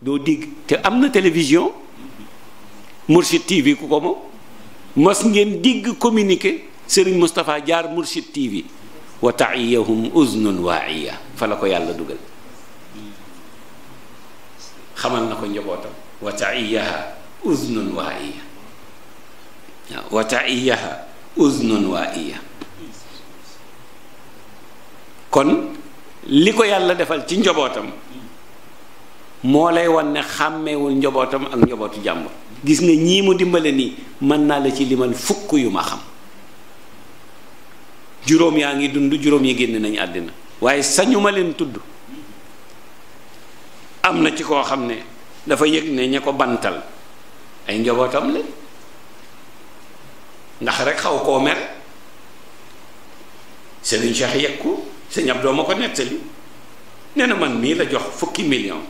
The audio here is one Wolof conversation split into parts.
doo dégg te am na télévision Mourchid TV ku ko moom mas ngeen digg communiqué Serigne Moustapha jaar Mourchid TV wa taiyahum uznun waaiya fa la ko yàlla dugal xamal na ko njabootam wa taiyaha uznun waaiya waaw wa kon li ko yàlla defal ci njabootam moo lay wan ne xàmmewul njobootam ak njobootu jàmbur gis nga ñii mu dimbale nii mën naa la ci limal fukk yu ma xam juróom yaa ngi dund juróom yi génn nañu àddina waaye sañu ma leen tudd am na ci koo xam ne dafa yëg ne ña ko bantal ay njobootam la ndax rek xaw koo mer Serigne Cheikh yegg ko sëñ Abdou ma ko nettali nee na man mii la jox fukki million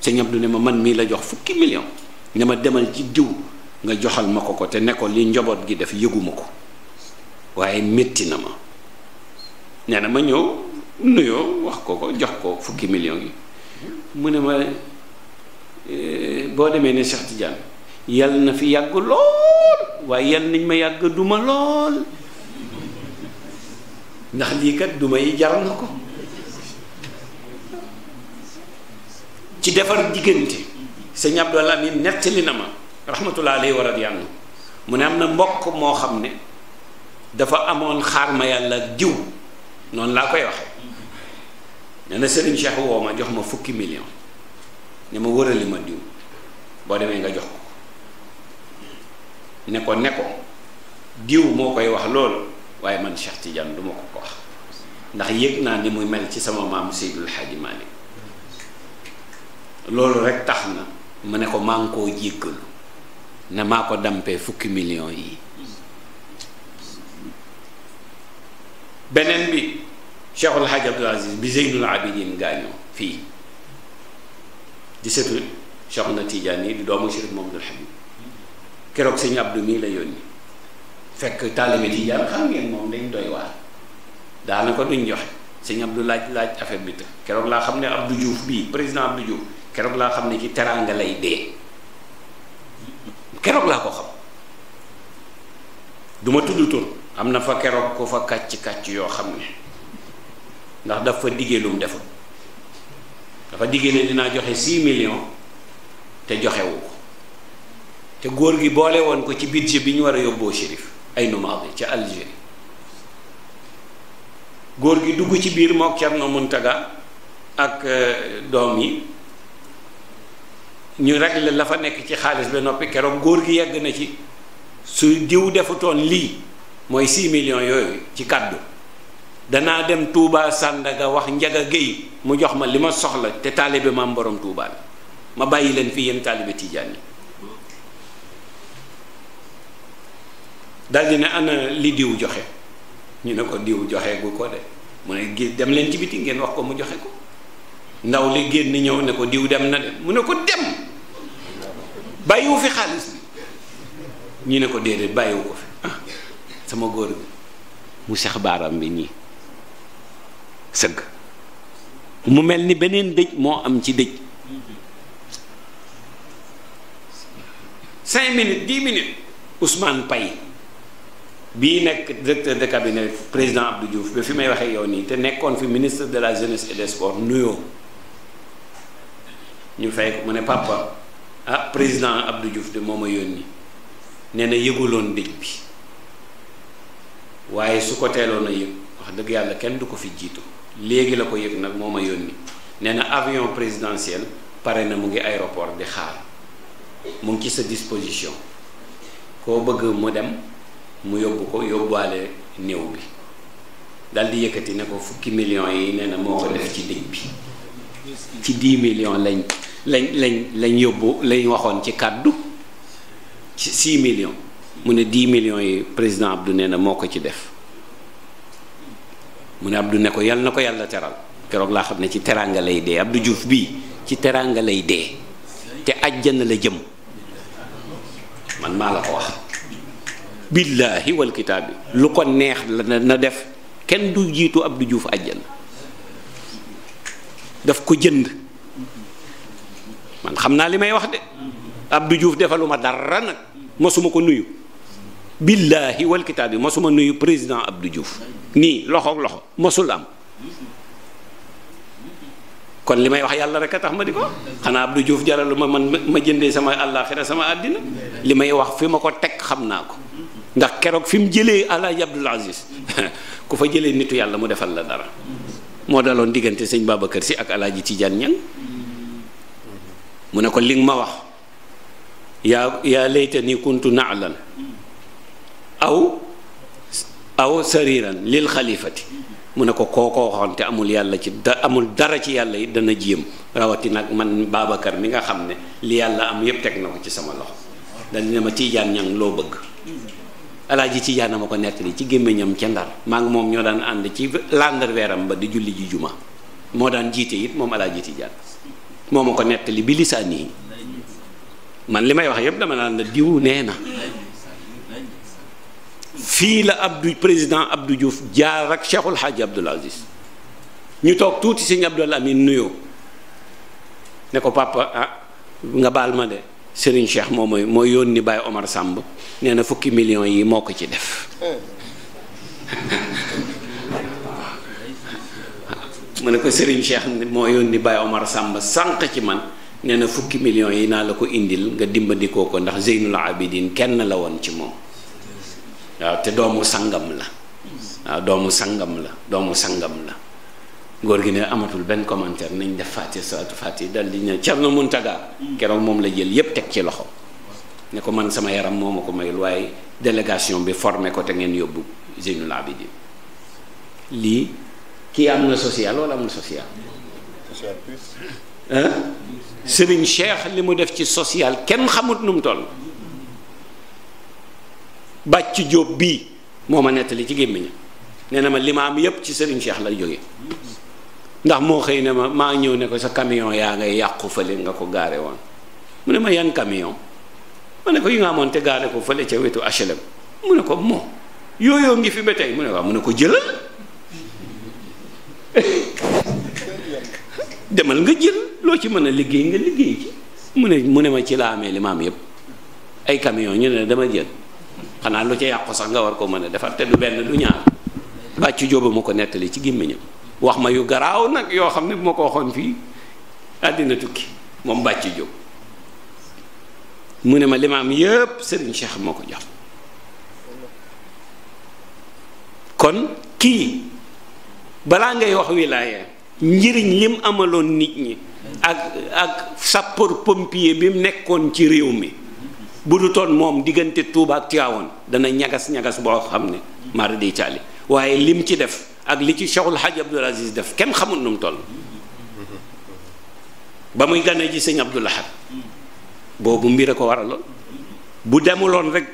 sëñ Abdou ne ma man mii la jox fukki million ne ma demal ci diw nga joxal ma ko ko te ne ko li njaboot gi def yëguma ko waaye metti na ma nee na ma ñëw nuyoo wax ko ko jox ko fukki million yi mu ne ma eh, boo demee ne Cheikh Tidiane yal na fi yàgg lool waaye yal nañ ma yàgg duma lool ndax lii kat duma yi jaral na ko ci defar diggante sëñ Abdoul Amin nettali na ma rahmatullahi war a radiyallahu mu ne am na mbokk moo xam ne dafa amoon xaar ma yàlla diw noonu laa koy wax ne na Serigne Cheikh woo ma jox ma fukki million ne ma wërali ma diw boo demee nga jox ko ne ko ne ko diw moo koy wax loolu waaye man Cheikh tiijan du ma ko ko wax ndax yëg naa ni muy mel ci sama maam Seydul Xaaji Maalik loolu rek tax na mu ne ko maa ngi koo jéggalu ne maa ko dampee fukki million yi beneen bi Cheikhul Hadj Abdoul Aziz bi Zeynul Abidin gaañoo fii di setu Cheikh na Tidiane yi di doomu Chérif Mamadou Habib keroog sëñ Abdou mii la yónni fekk taalibe Tidiane xam ngeen moom dañ doy waar daanaka duñ jox sëñ Abdou laaj laaj affaire bi te keroog laa xam ne Abdou Diouf bii président Abdou Diouf keroog laa xam ne ci teraanga lay dee keroog laa ko xam duma tudd tur am na fa keroog ku fa kàcc kàcc yoo xam ne ndax dafa diggee lu mu dafa diggee ne dinaa joxe 6 millions te joxewu ko te góor gi boole woon ko ci budget bi ñu war a yóbboo shérif ay numaade ci Algérie góor gi dugg ci biir mook Cerno Muntaga ak euh, doom yi ñu régler la fa nekk ci xaalis ba noppi keroog góor gi yegg na ci su diw defutoon lii mooy 6 million yooyu ci kàddu danaa dem Touba sàndaga wax Njaga Géy mu jox ma li ma soxla te taalibe maam borom Touba la ma bàyyi leen fii yéen taalibe Tijaan yi daldi ne ana li diw joxe ñu ne ko diw joxe gu ko de mu ne gis dem leen ci biti ngeen wax ko mu joxe ko ndaw li génn ñëw ne ko diw dem na de mu ne ko dem bàyyiwu fi xaalis ñu ne ko déedéet bàyyiwu ko fi ah, sama góor bi mu sex baaram bi nii sëgg mu mel ni beneen dëj moo am ci dëj cinq minutes dix minutes Ousmane Paye bii nekk directeur de cabinet président Abdou Diouf ba fi may waxee yow nii te nekkoon fi ministre de la jeunesse et des sports nuyoo ñu fay mu ne papa ah président Abdou Diouf de moo ma yónni nee na yëguloon dëj bi waaye su ko teeloon a yëg wax dëgg yàlla kenn du ko fi jiitu léegi la ko yëg nag moo ma yónni nee na avion présidentiel pare na mu ngi aéroport di xaar mu ngi ci sa disposition koo bëgg mu dem mu yóbbu ko yóbbaale néew bi dal di yëkkati ne ko fukki millions yi nee moo ko def ci dëj bi ci 10 million lañ lañ lañ lañ yóbbu lañ waxoon ci kàddu ci 6 millions mu ne 10 million yi président Abdou nee na moo ko ci def mu ne Abdou ne ko yàlla na ko yàlla teral keroog laa xam ne ci teraanga lay dee Abdou Diouf bii ci teraanga lay dee te àjjana la jëm man maa la ko wax billaahi wal kitaab bi lu ko neex la na def kenn du jiitu Abdou juuf àjjana daf ko jënd man xam naa li may wax de Abdou Diouf defaluma dara nag masuma ko nuyu billaahi wal kitaab bi masuma nuyu président Abdou juuf nii loxoog loxo masul am kon li may wax yàlla rek a tax ma di ko xanaa Abdou Diouf jaralu ma man ma jëndee sama àllaaxira sama àddina li may wax fi ma ko teg xam naa ko ndax keroog fi mu jëlee alaaji Abdul Aziz ku fa jëlee nitu yàlla mu defal la dara moo daloon diggante sëñ kër Si ak alaaji Tijaan Ñang mu ne ko li nga ma wax yaa yaa layta ni kuntu naalan aw aw sariran lil xalifati mu ne ko kookoo waxoon te amul yàlla ci da amul dara ci yàlla yi dana jéem rawati nag man Babacar mi nga xam ne li yàlla am yépp teg na ko ci sama loxo dal ne ma tiijaan ñang loo bëgg alaaji tiijaan ma ko nettali ci gémmiñam ca ndar maa ngi moom ñoo daan ànd ci làndar weeram ba di julli ji juma moo daan jiite it moom alaaji tiijaan moo ma ko nettali bi lisaan yi man li may wax yëpp dama naan la diw nee na fii la Abdou président Abdou Diouf jaar ak Cheikhul Hadji Abdoul Aziz ñu toog tuuti sëñ Abdoul Amin nuyoo ne ko papa ah, nga baal ma de sëriñ Cheikh moo mooy moo yónni Baye Omar Samb nee na fukki million yi moo ko ci def ma ne ko Serigne Cheikh moo yónni Baye Omar Sàmb sànq ci man nee na fukki millions yi naa la ko indil nga dimbandikoo ko ndax Zeynul Abidin kenn la woon ci moom waaw te doomu sangam la doomu sangam la doomu sangam la góor gi ne amatul benn commentaire nañ def fàtte salaatu fàtte dal di ñëw Cerno Muntaga keroog moom la jël yépp teg ci loxo ne ko man sama yaram moo ma ko mayul waaye délégation bi formé ko te ngeen yóbbu Zeynul Abidin lii kii am na social wala amul social. social plus. Eh? Serigne li mu def ci social kenn xamut nu mu toll. bàcc jóob bii moo ma nettali ci gémmiñam nee na ma li ma am yépp ci Serigne Cheikh la jóge ndax moo xëy ne ma maa ñëw ne ko sa camion yaa ngay yàqu fële nga ko gaare woon mu ne ma yan camion ma ne ko yi nga amoon te gaare ko fële ca wetu HLM mu ne ko moo yooyoo ngi fi ba mu ne waaw mu ne ko jëlal demal nga jël loo ci mën a liggéey nga liggéey ci mu ne mu ne ma ci laa amee li ma yëpp ay camion ñu ne dama jël xanaa lu ca yàqu sax nga war ko mën a defar te du benn du ñaar bàcc jóoba ma ko nettali ci gémmiñam wax ma yu garaaw nag yoo xam ne bu ma ko waxoon fii àddina tukki moom bàcc jóob mu ne ma limaam yépp sëriñ Cheikh ma ko jox kon kii balaa ngay wax wilaaya njëriñ lim amaloon nit ñi ak ak sapeur pompier bi mu nekkoon ci réew mi bu du toon moom diggante Tuuba ak dana ñagas ñagas boo xam ne mara di caali waaye mu ci def ak li ci Cheikhul Hadj Abdoul Aziz def kenn xamul nu mu toll ba muy gane ji sëñ Abdoul Ahad boobu mbir a ko waraloon bu demuloon rek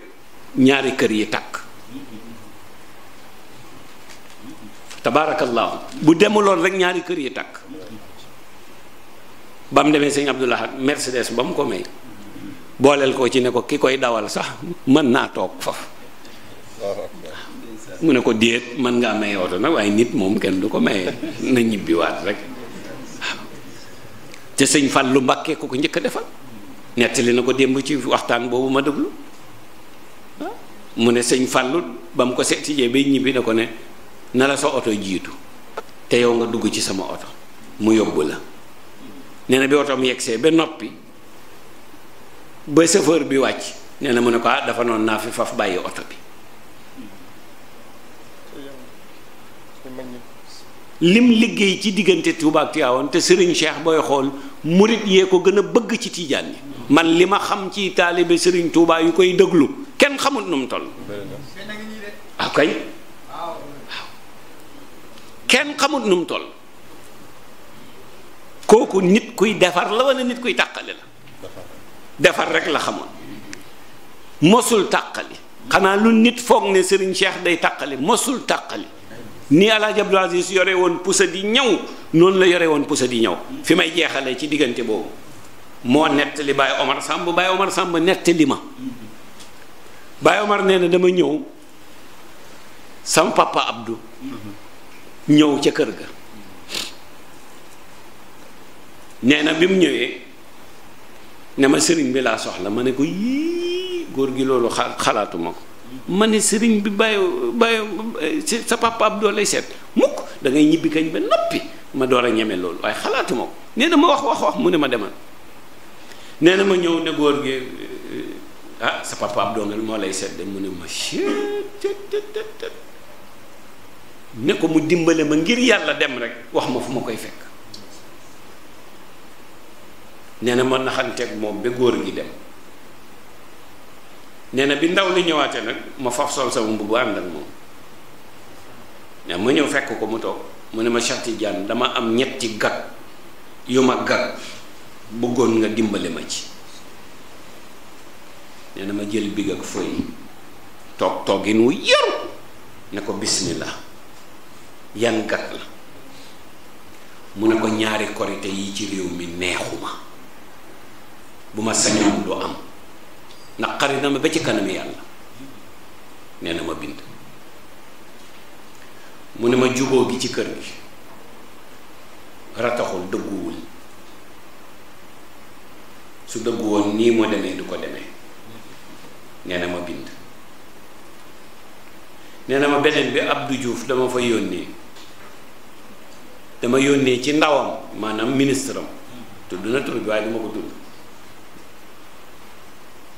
ñaari kër yi takk tabaarakallaahu bu demuloon rek ñaari kër yi takk ba mu demee sëñ Abdoulahat Mercedes ba mu ko may booleel ko ci ne ko ki koy dawal sax mën naa toog faf mu ne ko déet mën ngaa may oto nag waaye nit moom kenn du ko maye na ñibbiwaat rek te sëñ Fallu Mbàkke ko ko njëkk a defal nettali na ko démb ci waxtaan boobu ma déglu mu ne sëñ Fallu ba mu ko seet si bay ñibbi na ko ne na la sa oto jiitu te yow nga dugg ci sama oto mu yóbbu la nee na bi oto mu yegsee ba noppi ba chauffeur bi wàcc nee na mu ne ko ah dafa noonu naa fi faf bàyyi oto bi lim liggéey ci diggante Tuubaa ak Tiwaawan te Serigne Cheikh booy xool murit yee ko gën a bëgg ci tiijaan yi man li ma xam ci taalibe sëriñ Touba yu koy déglu kenn xamut nu mu toll. ah kay. kenn xamut nu mu toll kooku nit kuy defar la wala nit kuy tàqale la defar rek la xamoon mosul tàqali xanaa lu nit foog ne Serigne Cheikh day tàqali mosul tàqali ni Alaaji Abdou Aziz yore woon pusa di ñaw noonu la yore woon pusa di ñaw fi may jeexalee ci diggante boobu moo nettali Baye Omar Samb Baye Omar Samb nettali ma Baye Omar nee na dama ñëw sam papa Abdou ñëw ca kër ga nee na bi mu ñëwee ne ma sëriñ bi laa soxla ma ne ko yii góor gi loolu xalaatuma ko ma ne sëriñ bi bàyyi bàyyi sa papa ab doo lay seet mukk da ngay ñibbi kañ ba ma door a ñeme loolu waaye xalaatuma ko nee na ma wax wax wax mu ne ma demal nee na ma ñëw ne góor gi ah, sa papa ab doo moo lay seet de mu ne ma ne ko mu dimbale ma ngir yàlla dem rek wax ma fu ma koy fekk nee na ma naxanteeg moom ba góor gi dem nee na bi ndaw li ñëwaate nag ma faf sol sama mbubb ànd ak moom ne ma ñëw fekk ko mu toog mu ne ma Cheikh Tidiane dama am ñetti gag yu ma gag bëggoon nga dimbale ma ci nee na ma jël big ak fëy toog toogin wu yaru ne ko bismillah yan gat la mu ne ko ñaari korite yi ci réew mi neexuma bu ma sañoon du am naqari na ma ba ci kanam yàlla nee na ma bind mu ne ma juboo gi ci kër gi rataxul dëgguwul su dëggu woon nii mu demee du ko demee nee ma bind nee na ma beneen bi Abdou Diouf dama fa yónnee dama yónnee ci ndawam maanaam ministre am tudd na tur bi waaye duma ko tudd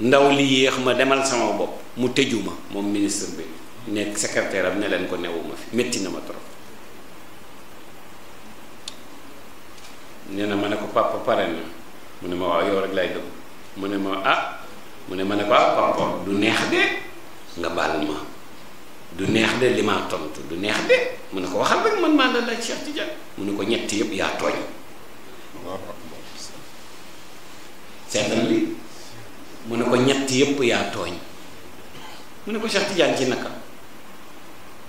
ndaw li yéex ma demal sama bopp mu tëju ma moom ministre bi nekk secrétaire am ne leen ko newuma fi metti na ma trop nee na ma ne ko papa pare na mu ne ma waaw yow rek lay dëgg mu ne ma ah mu ne ma ne ko ah papa du neex de nga baal ma du neex de li ma tontu du neex de mu ne ko waxal rek man maa la laaj Cheikh Tidiane mu ne ko ñett yëpp yaa tooñ mu ne ko ñett yëpp yaa mu ne ko Cheikh ci naka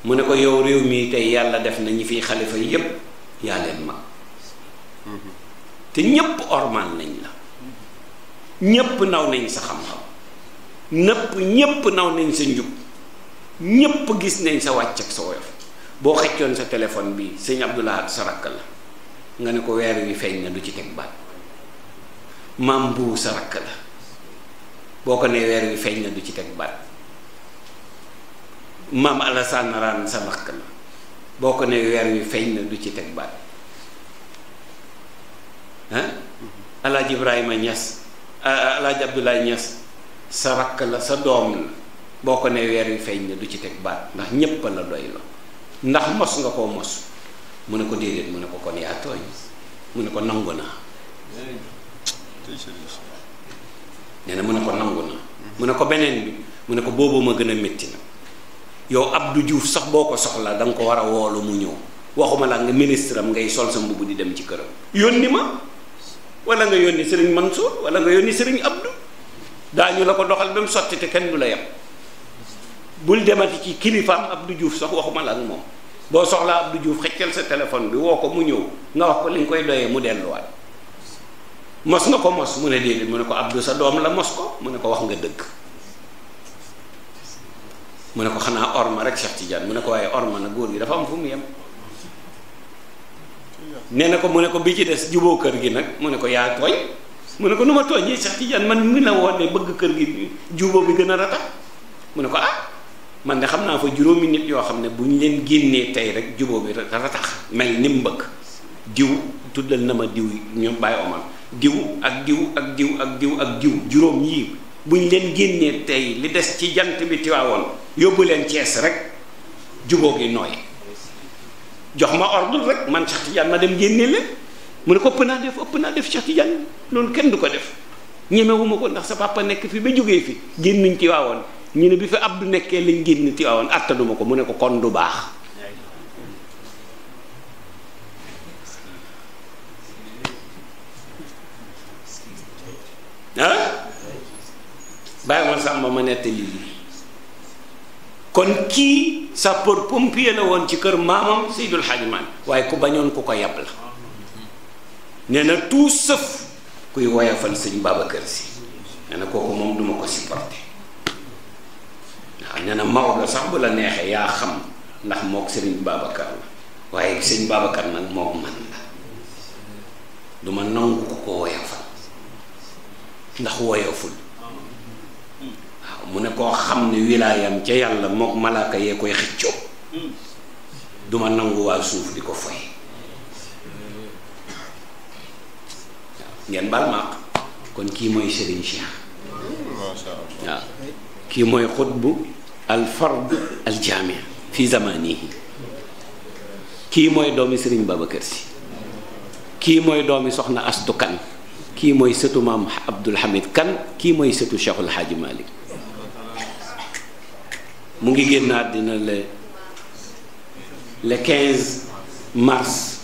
mu ne ko yow réew mi tey yàlla def na ñi fiy xalifa yépp yaa leen mag te ñépp ormal nañ la ñépp naw nañ sa xam-xam nëpp ñépp naw nañ sa njub ñépp gis nañ sa wàcc ak sa boo xëccoon sa téléphone bi sëñ Abdoulahat sa rakk la nga ne ko weer wi feeñ na du ci teg baat maam mbuu sa rakk la boo ko ne weer wi feeñ na du ci teg baat maam Alassane Raan sa rakk boo ko nee weer wi feeñ du ci teg baat ah alaaj Ibrahima Niass sa rakk la sa doom boo ko nee weer wi feeñ na du ci teg baat ndax ñépp la doy la ndax mos nga koo mos mu ne ko déedéet mu ne ko kon yaa tooñ mu ne ko nangu naa nee na mu ne ko nangu naa mu ne ko beneen bi mu ne ko boobu ma gën a metti na yow Abdou Diouf sax boo ko soxla da ko war a woolu mu ñëw waxuma la nga ministre am ngay sol sa mbubb di dem ci këram yónni ma walla nga yónni sëriñ Mansour wala nga yónni sëriñ Abdou daañu la ko doxal ba mu sotti te kenn du la yem bul demati ci kilifaam Abdou Diouf sax waxuma la ak moom boo soxlaa Abdou Diouf xëccal sa téléphone bi woo ko mu ñëw nga wax ko li nga koy doyee mu delluwaat mos nga ko mos mu ne déedéet mu ne ko Abdou sa doom la mos ko mu ne ko wax nga dëgg mu ne ko xanaa orma rek Cheikh Tidiane mu ne ko waaye orma na góor gi dafa am fu mu yem nee ne ko mu ne ko bi ci des juboo kër gi nag mu ne ko yaa tooñ mu ne ko nu ma tooñee Cheikh Tidiane man mi la woon bëgg kër gi juboo bi gën a ratax mu ne ko ah man de xam naa fa juróomi nit yoo xam ne bu ñu leen génnee tey rek jubóo bi rek ratax mel ni mu bëgg diw tuddal na ma diw ñu bàyyi omal diw ak diw ak diw ak diw ak diw juróom yii bu ñu leen génnee tey li des ci jant bi tiwaawoon yóbbu leen Cees rek juboo gi nooy jox ma ordre rek man Cheikh Tidiane ma dem génnee leen mu ne ko ëpp naa def ëpp naa def Cheikh Tidiane loolu kenn du ko def ñemewuma ko ndax sa papa nekk fi ba jógee fii fi génnuñ tiwaawoon ñu ne bi fi Abdou nekkee lañ génn Tiwaawan àttanuma ko mu ne ko kon du baax ah bàyyi ma sàmm ma nettali lii kon kii sapeur pompier la woon ci kër maamam Seydul Hadji waaye ku bañoon ku ko yab la nee na tout sëf kuy woyafal sëñ Babacar Si nee na kooku moom duma ko supporté xam ne na Maodo sax bu la neexee yaa xam ndax mook sëriñ Babacar la waaye sëñ Babacar nag moo man la duma nangu ko ko woyofal ndax woyoful waaw mu ne koo xam ne wilaayam ca yàlla mook malaaka yee koy xëccoo duma nangu waa suuf di ko foy ngeen bal maaq kon kii mooy Serigne Cheikh waaw kii mooy xutbu al fard al jaami fi zamanihi kii mooy doomi sëriñ Babacar Si kii mooy doomi soxna Astu Kan kii mooy sëtu maam Abdul Hamid Kan kii mooy sëtu Cheikhul Haaji Malik mu ngi génn àddina le le 15 mars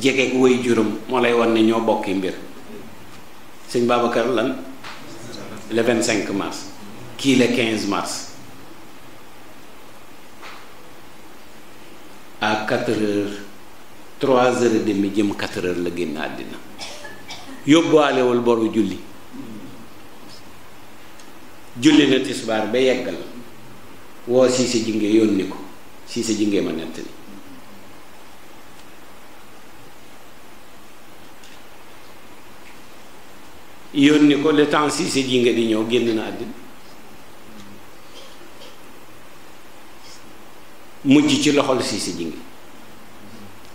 jegeeg woy juróom moo lay wan ne ñoo bokki mbir sëñ Babacar lan le 25 mars kii le 15 mars quatre heures trois heures et jëm quatre la génn àddina yóbbuwaalewul boru julli julli na tisbaar ba yeggal woo siise jinge yónni ko siise jinge ma nett ni yónni ko le temps siise jinge di ñëw génn na àddina mujj ci loxol siise jinge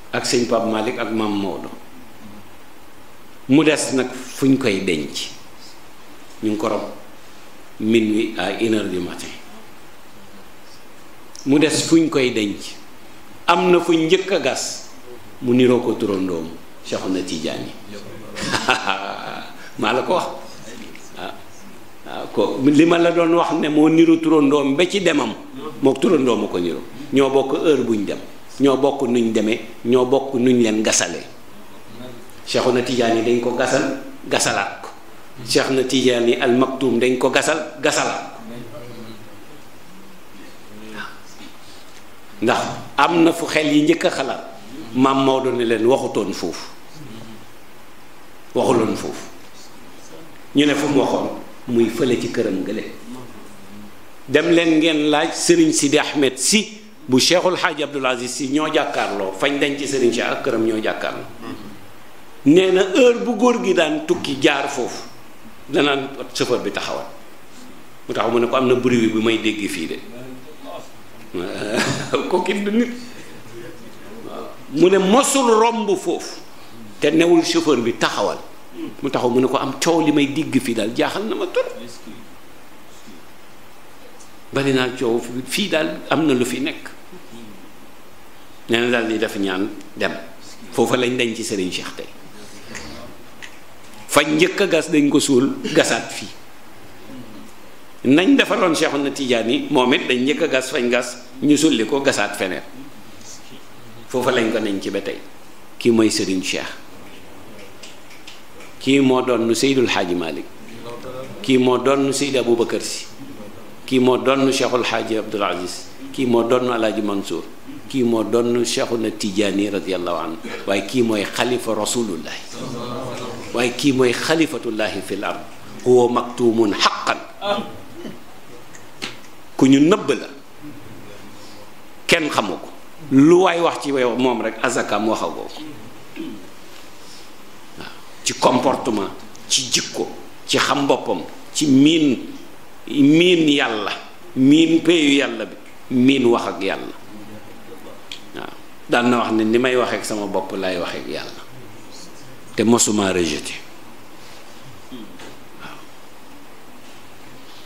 ak sëñ Pape Malick ak maam moodo mu des nag fuñ koy denc ñu ngi ko rob minuit à matin mu des fuñ koy denc am na fuñ njëkk a gas mu niroo ko turandoom Cheikhouna Tidiane maa la ko wax waaw ah, ah, ko li ma la doon wax ne moo niru turandoom ba ci demam mook turandoom a ko niru ñoo bokk heure buñ dem ñoo bokk nuñ demee ñoo bokk nuñ leen gasale Cheikhu na tiijaan yi dañ ko gasal gasalaat ko Cheikh na tiijaan yi al maktuum dañ ko gasal gasalaat ndax am na fu xel yi njëkk xalaat maam Maodo ne leen waxutoon foofu waxuloon foofu ñu ne fu mu waxoon muy fële ci këram gële dem ngeen laaj sëriñ Sidi Ahmed si bu Cheikhul Hadj Abdoul Aziz si ñoo jàkkaarloo fañ denc Serigne Cheikh ak këram ñoo jàkkaarloo nee na heure bu góor gi daan tukki jaar foofu danaan chauffeur bi taxawal mu taxaw mu ne ko am na bruit bi may dégg fii de mu ne mosul romb foofu te newul chauffeur bi taxawal mu taxaw mu ne ko am coow li may dégg fii daal jaaxal na ma trop. bari naa coow fii daal am na lu fi nekk nee na daal ni dafa ñaan dem foofa lañ dañ ci sëriñ seex tey fañ jëkk a gas dañ ko suul gasaat fii nañ defaroon Cheikh na tiijaan yi moom it dañ jëkk a gas fañ gas ñu sulli ko gasaat feneen foofa lañ ko nañ ci ba tey kii mooy sëriñ Cheikh kii moo doon nu Seydul Xaaji Malik kii moo doon nu Seydi Aboubacar Si kii moo donn cheikhul abdul aziz kii moo doon donn alaaji mansour kii moo donn cheikhuna tijaani radiallahu anhu waaye kii mooy xalifa rasulullahi waaye kii mooy xalifatullahi fi l ard huwa maktumun ku ñu nëbb la kenn xamu ko lu waay wax ci moom rek azakam waxagoo ko waaw ci comportement ci jikko ci xam boppam ci miin miin yàlla miin peyu yàlla bi miin wax ak yàlla waaw daan na wax ne ni may waxeek sama bopp laay waxeek yàlla te mosuma rejeté waaw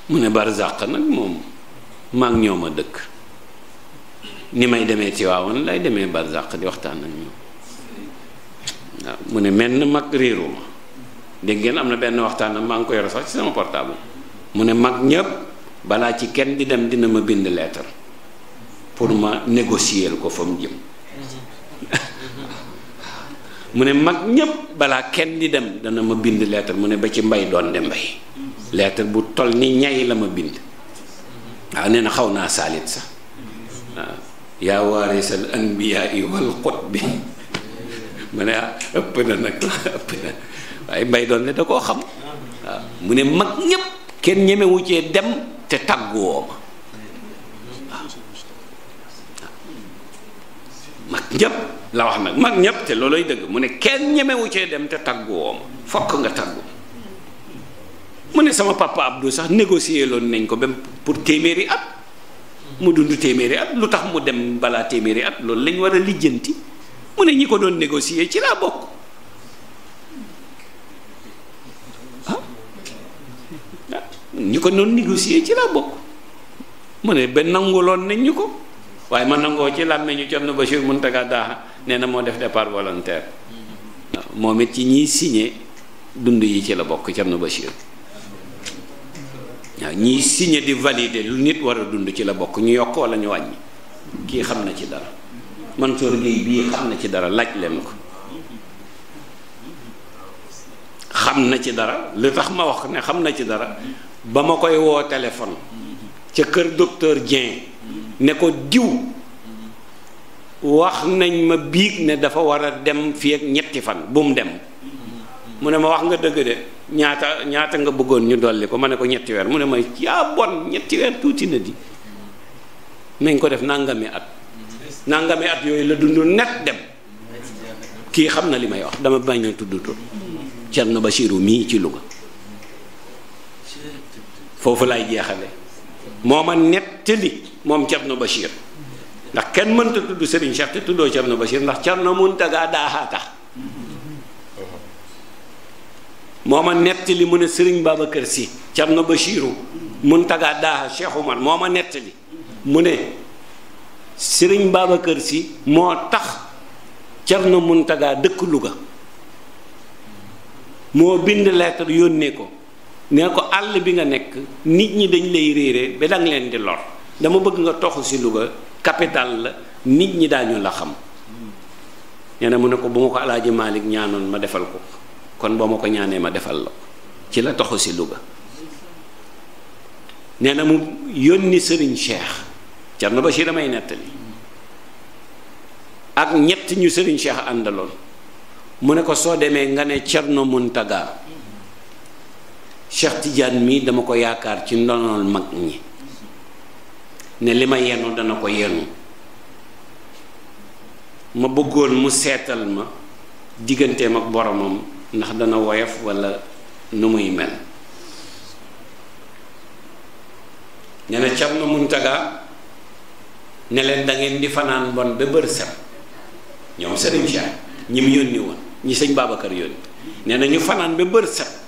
mu ne barzaq nag moom maag ñoom a dëkk ni may demee Tiwaawan lay demee barzaq di waxtaan ak ñoom waaw mu ne menn mag réeru ma dégg ngeen am na benn waxtaan ak maa ngi ko yor sax ci sama portable mu ne mag ñépp balaa ci kenn di dem dina ma bind lettre pour ma négocier ko fa mu jëm mu ne mag ñépp balaa kenn di dem dana ma bind lettre mu ne ba ci mbay doon de mbay lettre bu toll ni ñay la ma bind waaw nee na xaw naa saalit sax waaw yaa waarisal yi wal xut bi ma ne ah ëpp na nag ëpp na waaye mbay doon ne da koo xam waaw mu ne mag ñépp kenn ñemewu cee dem te tàgguwoo ma mag ñëpp la wax nag mag ñëpp te looloy dëgg mu ne kenn ñemewu cee dem te tàgguwoo ma fokk nga tàggu mu ne sama papa Abdou sax négocier loon nañ ko ba pour téeméeri at mu dund téeméeri at lu tax mu dem balaa téeméeri at loolu lañ war a lijjanti mu ne ñi ko doon négocier ci laa bokk ñu ko doon négocier ci laa bokk mu ne ba nanguloon nañ ñu ko waaye ma nangoo ci làmmiñu Thierno Bachir Mountaga Daha nee na moo def départ volontaire waaw moom it ci ñiy signé dund yi ci la bokk Thierno Bachir waaw ñiy signé di valider lu nit war a dund ci la bokk ñu yokk wala ñu wàññi kii xam na ci dara Mansour Gueye bii xam na ci dara laaj leen ko xam na ci dara li tax ma wax ne xam na ci dara ba ma koy woo téléphone ca kër docteur Dieng ne ko diw wax nañ ma biig ne dafa war a dem fii ak ñetti fan bu mu dem mu ne ma wax nga dëgg de ñaata ñaata nga bëggoon ñu dolli ko ma ne ko ñetti weer mu ne ma yaa bon ñetti weer tuuti na di nañ ko def nangami at nangami at yooyu la dund net dem kii xam na li may wax dama bañ a tudd tur Thierno Bachirou mii ci Louga foofu lay jeexale moo ma nettali moom Thierno Bachir ndax kenn mënta tudd Serigne Cheikh te tuddoo Thierno Bachir ndax Thierno Mountaga daaxaa tax moo ma nettali mu ne Serigne Babacar Sy Thierno Bachiru Mountaga daaxa Cheikh Oumar moo ma nettali mu ne Serigne Babacar Sy moo tax Thierno Mountaga dëkk Louga moo bind lettre yónnee ko. ne ko àll bi nga nekk nit ñi dañ lay réere ba danga leen di lor dama bëgg nga toxu si Louga capital la nit ñi daañu la xam nee mu ne ko bu ma ko alaaji Malick ñaanoon ma defal ko kon boo ma ko ñaanee ma defal la ci la toxu si Louga nee na mu yónni Serigne Cheikh ba si damay nettali ak ñett ñu sëriñ Cheikh àndaloon mu ne ko soo demee nga ne Thierno Muntaga Cheikh Tidiane mii dama ko yaakaar ci ndonol mag ñi ne li ma yenu dana ko yenu ma bëggoon mu seetal ma digganteem ak boromam ndax dana woyof walla nu muy mel ne na cam na Muntaga ne leen dangeen di fanaan bon ba bër set ñoom Serigne Cheikh ñi mu yónni woon ñi sëñ Babacar yónni nee na fanaan ba bër set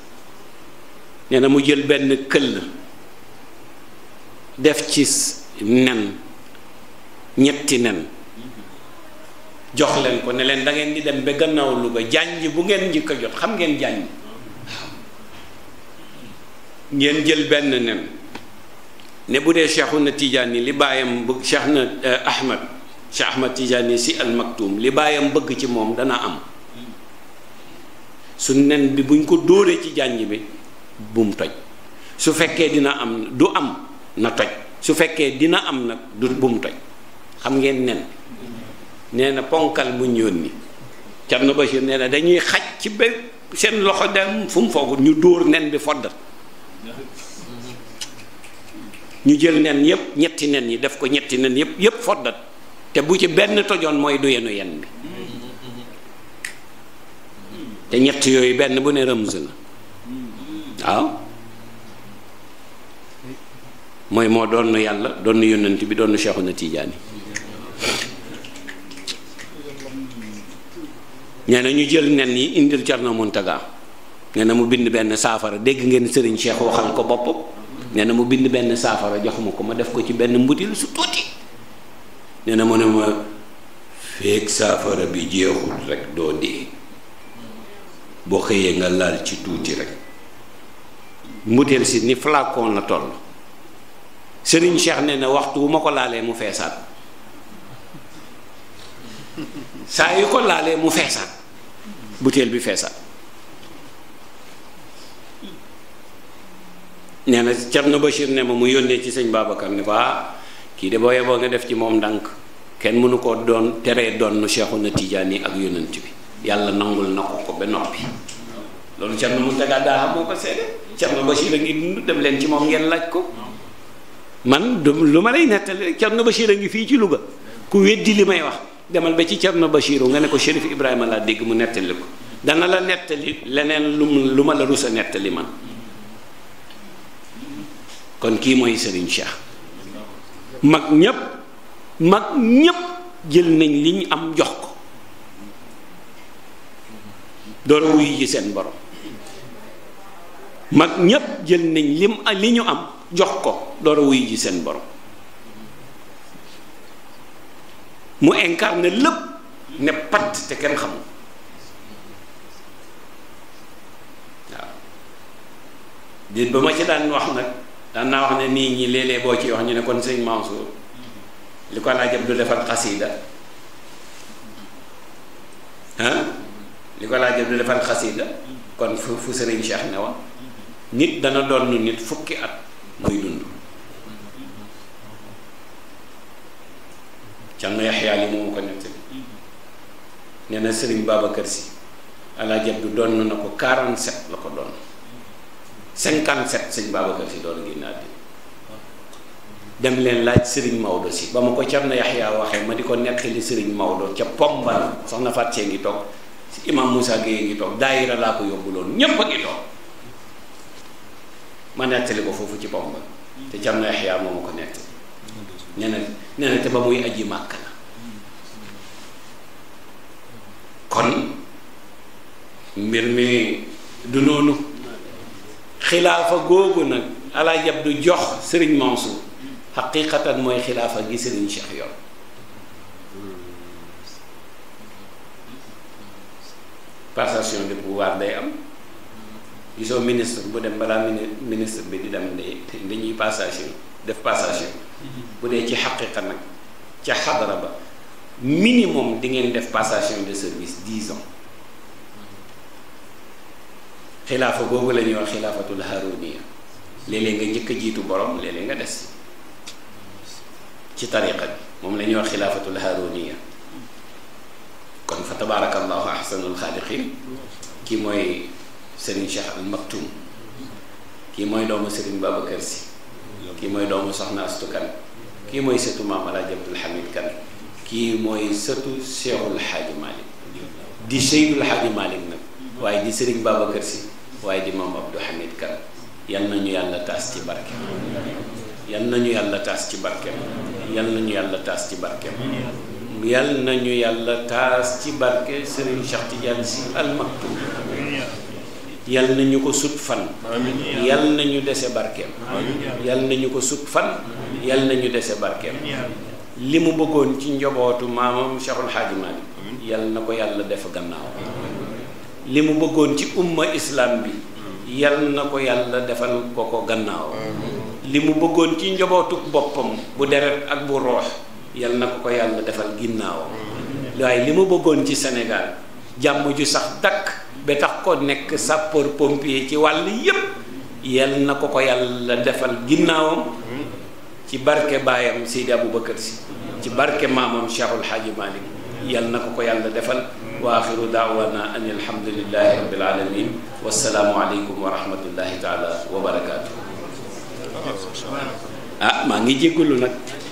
ne na mu jël benn kël def ci nen ñetti nen jox leen ko ne leen dangeen di dem ba gannaaw luga jànj bu ngeen njëkk a jot xam ngeen jànj ngeen jël benn nen ne bu dee Cheikhuna na li baayam bëgg Cheikhna eh, Ahmed Cheikh Ahmed Tidiane si al maktum li baayam bëgg ci moom dana am su nen bi buñ ko dóoree ci jànj bi bum toj su fekkee dina am du am na toj su fekkee dina am nag du bum toj xam ngeen nen nee na ponkal mu yónni ni Bachir nee na dañuy xaj ci ba seen loxo dem fu mu foogul ñu dóor nen bi foddat ñu jël nen yépp ñetti nen yi def ko ñetti nen yépp yépp foddat te bu ci benn tojoon mooy du yenu yen bi te ñett yooyu benn bu ne rëms la waaw mooy moo doon na yàlla doon na yónnent bi doon na Seexu na Tijaani nee na ñu jël nen yi indil Thierno Mountaga nee na mu bind benn saafara dégg ngeen sëriñ Cheikh waxal ko bopp nee mu bind benn saafara jox ma ko ma def ko ci benn mbutil su tuuti nee mu ne ma feeg saafara bi jeexul rek doo dee boo xëyee nga laal ci tuuti rek mbutéel si ni flacon la toll sëriñ Cheikh ne na waxtu wu ma ko laalee mu feesal saa yu ko laalee mu feesaat butéel bi feesaat nee na Thierno Bachir ne ma mu yónnee ci sëñ Babacar ne ko ah kii de boo yeboo nga def ci moom ndànk kenn mënu ko doon teree doon nu Cheikhuna Tidiane ak yonent bi yàlla nangul na ko ko ba noppi loolu Thierno Mountaga Daha moo ko seede Thierno Bachir a ngi dund dem leen ci moom ngeen laaj ko man du lu ma lay nettali Thierno Bachir a ngi fii ci Louga ku weddi li may wax demal ba ci Thierno Bachir nga ne ko Chérif Ibrahima laa dégg mu nettali ko dana la nettali leneen lu ma la rus a nettali man kon kii mooy Serigne Cheikh mag ñépp mag ñépp jël nañ li ñu am jox ko door a wuyu seen borom mag ñépp jël nañ lim li ñu am jox ko door a wuy ji seen borom mu incarne lépp ne patt te kenn xamul waaw di ba ma ci daan wax nag daan naa wax ne nii ñi léeg boo ci wax ñu ne kon sëñ Mansour li ko laa ab du defar xasida ah li ko laa ab du defar xasida kon fu fu sëriñ Cheikh ne woon nit dana doon nit fukki at muy dund càng yaxyaa li moomu ko nettali nee na sëriñ Babacar si alaaji Abdu doon na ko 47 la ko doon 57 sëñ Babacar si doon génn àddina dem leen laaj sëriñ Maodo si ba ma ko cam na yaxyaa waxee ma di ko nettali sëriñ Maodo ca Pombal soxna Fatou ngi toog si imam Moussa Gueye ngi toog daayira laa ko yóbbuloon ñépp a ngi toog ma nettali ko foofu ci Bamba te Cerno Yaxya moo ma ko nettali nee na nee na te ba muy aji màkk la kon mbir mi du noonu xilaafa googu nag alaaj du jox sëriñ Mansour xaqiiqatan mooy xilaafa gi sëriñ Cheikh yoon passation de pouvoir day am gisoo ministre bu dem balaa ministre bi di dem dañuy passation def passation mm-hmm. bu dee ci xaqiqa nag ca xadara ba minimum di ngeen def passation de service dix ans xilaafa boobu la ñuy wax xilaafatul haruniya léeg nga jëkk jiitu borom léeg nga des ci tariqa bi moom la ñuy wax xilaafatul haruniya kon fa tabaarakallahu ahsanul xaaliqin ki mooy Serigne Cheikh Al kii mooy doomu Serigne Babacar si kii mooy doomu Soxna Astu Kan kii mooy sëtu Maam Alaaji Abdul Hamid Kan kii mooy sëtu Cheikhul Xaaji Malick di Cheikhul Xaaji Malick nag waaye di Serigne Babacar Sy waaye di Maam Abdou Hamid Kan yal nañu yàlla taas ci barke yal nañu yàlla taas ci barkeem yal nañu yàlla ci barkeem yal nañu yàlla taas ci barke Serigne Cheikh Tidiane Sy si Maktoum yal nañu ko sut fan yal nañu dese barkeem yal nañu ko sut fan yal nañu dese barkeem li mu bëggoon ci njobootu maamam Cheikhul Hadji Malick yal na ko yàlla def gannaaw li mu bëggoon ci umma islam bi yal na ko yàlla defal ko ko gannaaw li mu bëggoon ci njobootuk boppam bu deret ak bu roox yal na ko ko yàlla defal ginnaaw waaye li mu bëggoon ci Sénégal jàmm ju sax dakk ba tax ko nekk sapeur pompier ci wàll yépp yal na ko ko yàlla defal ginnaawam ci barke baayam Seydi Aboubacar si ci barke maamam Cheikhul Hadji Malick yal na ko ko yàlla defal wa axiru daawana an alhamdulillahi rabbil alamin wassalaamu aleykum wa rahmatullahi taala wa ah maa ngi jéggalu nag